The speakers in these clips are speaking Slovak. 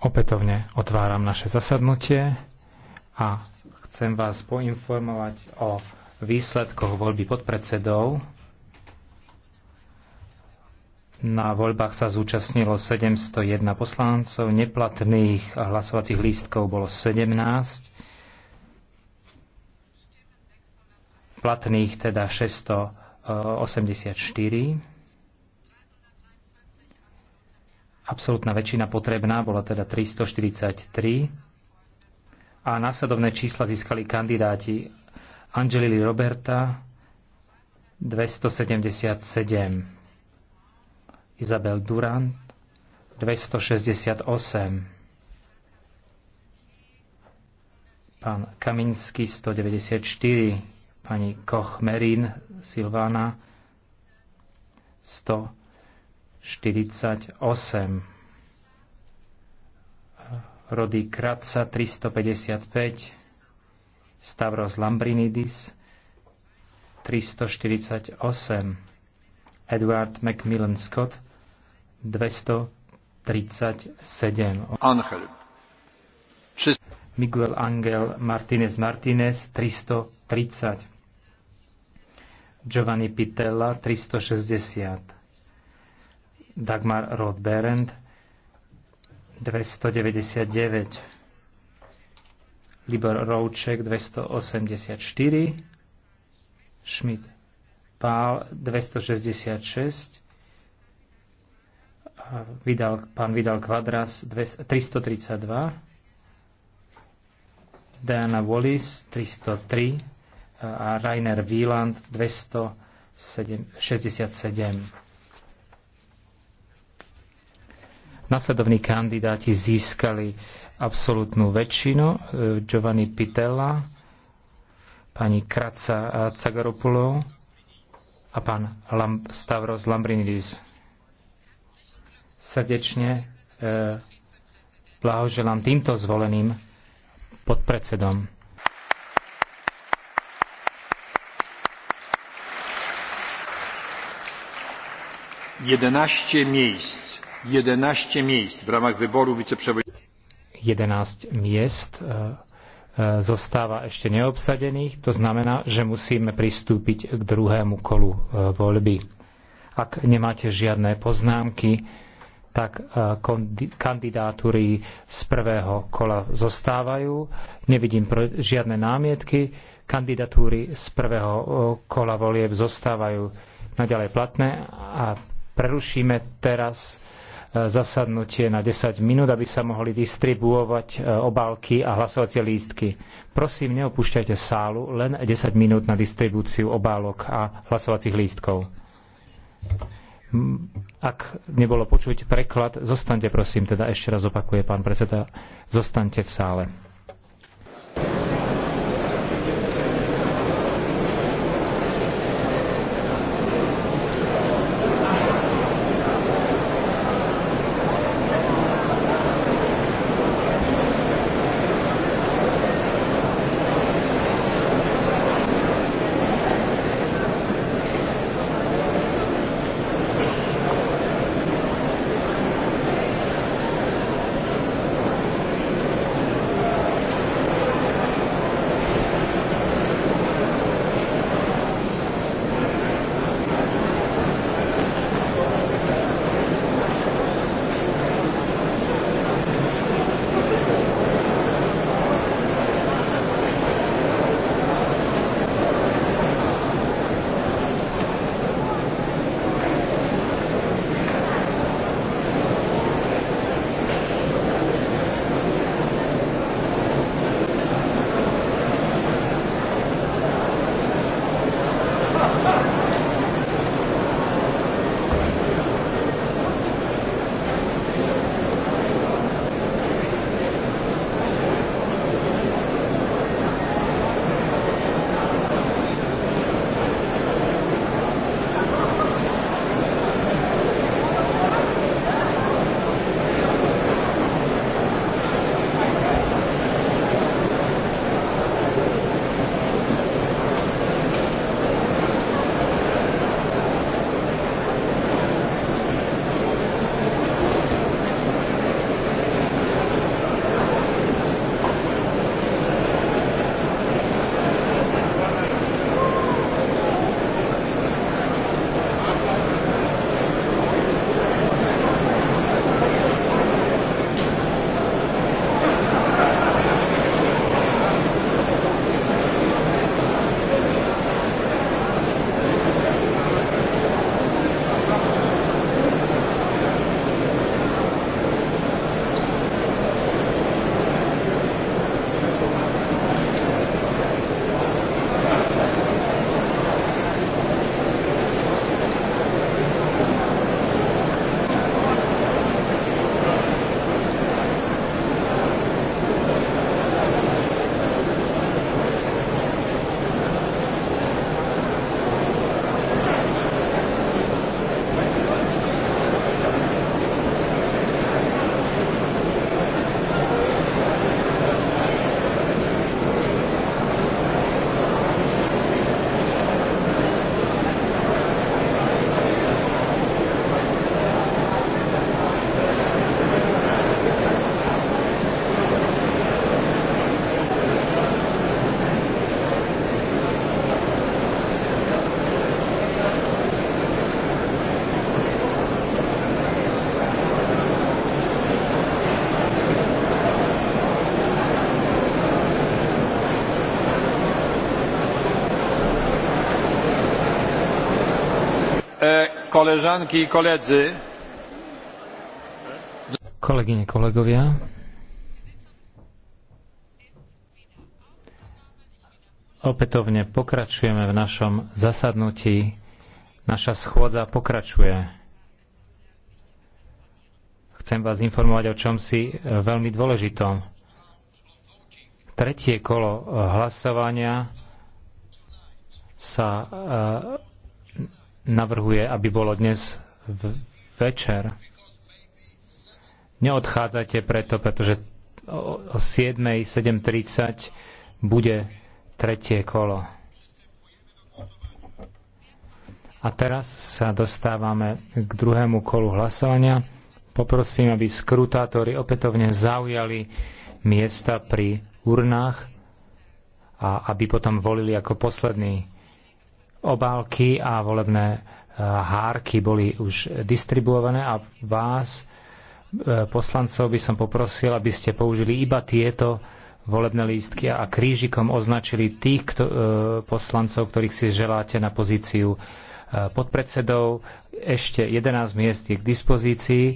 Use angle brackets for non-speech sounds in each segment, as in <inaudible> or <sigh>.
Opätovne otváram naše zasadnutie a chcem vás poinformovať o výsledkoch voľby podpredsedov. Na voľbách sa zúčastnilo 701 poslancov, neplatných hlasovacích lístkov bolo 17, platných teda 684 absolútna väčšina potrebná bola teda 343 a následovné čísla získali kandidáti Angelili Roberta 277, Izabel Durant 268, pán Kaminsky 194, pani Koch Merin Silvána 100 48. Rody Kratsa 355, Stavros Lambrinidis 348, Edward Macmillan Scott 237. Angel. Miguel Angel Martinez Martinez 330. Giovanni Pitella 360. Dagmar Roth-Berend 299 Libor Rouček 284 Schmidt Pál 266 Vidal, pán Vidal Kvadras 332 Diana Wallis 303 a Rainer Wieland 267 Nasledovní kandidáti získali absolútnu väčšinu. E, Giovanni Pitella, pani Kraca Cagaropulo a pán Lam- Stavros Lambrinidis. Srdečne eh, blahoželám týmto zvoleným podpredsedom. jedenaście miejsc 11 11 miest e, e, zostáva ešte neobsadených, to znamená, že musíme pristúpiť k druhému kolu voľby. E, Ak nemáte žiadne poznámky, tak kandidátury z prvého kola zostávajú. Nevidím žiadne námietky. Kandidatúry z prvého kola volieb zostávajú naďalej platné a prerušíme teraz zasadnutie na 10 minút, aby sa mohli distribuovať e, obálky a hlasovacie lístky. Prosím, neopúšťajte sálu, len 10 minút na distribúciu obálok a hlasovacích lístkov. Ak nebolo počuť preklad, zostaňte prosím, teda ešte raz opakuje pán predseda, zostaňte v sále. koleżanki i koledzy. Kolegyne, kolegovia. Opätovne pokračujeme v našom zasadnutí. Naša schôdza pokračuje. Chcem vás informovať o čom si e, veľmi dôležitom. Tretie kolo e, hlasovania sa e, navrhuje, aby bolo dnes večer. Neodchádzajte preto, pretože o 7.7.30 bude tretie kolo. A teraz sa dostávame k druhému kolu hlasovania. Poprosím, aby skrutátori opätovne zaujali miesta pri urnách a aby potom volili ako posledný obálky a volebné e, hárky boli už distribuované a vás, e, poslancov, by som poprosil, aby ste použili iba tieto volebné lístky a krížikom označili tých kto, e, poslancov, ktorých si želáte na pozíciu podpredsedov. Ešte 11 miest je k dispozícii.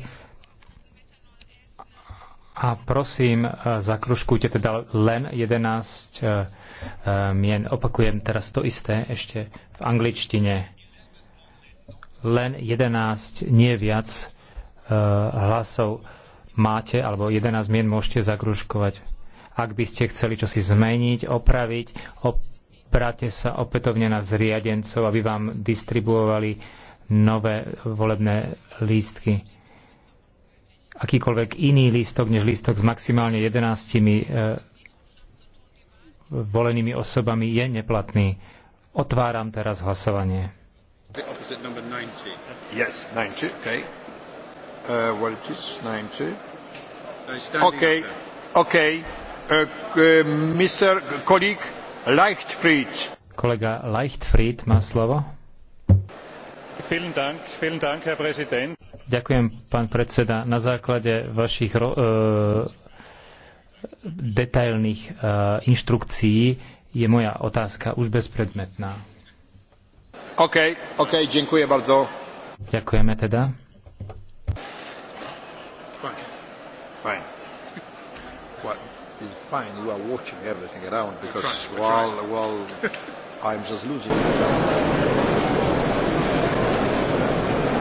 A prosím, e, zakruškujte teda len 11 e, e, mien. Opakujem teraz to isté ešte v angličtine. Len 11, nie viac hlasov máte, alebo 11 mien môžete zakruškovať. Ak by ste chceli čosi zmeniť, opraviť, obráte sa opätovne na zriadencov, aby vám distribuovali nové volebné lístky akýkoľvek iný lístok než lístok s maximálne 11 e, volenými osobami je neplatný. Otváram teraz hlasovanie. Kolega Leichtfried má slovo. Vielen Dank, vielen Dank, Herr Präsident. Ďakujem, pán predseda. Na základe vašich ro- e, detailných e, inštrukcií je moja otázka už bezpredmetná. OK, OK, ďakujem bardzo. Ďakujeme teda. Fine. Fine. it's fine. You are watching everything around because while, while <laughs> I'm just losing.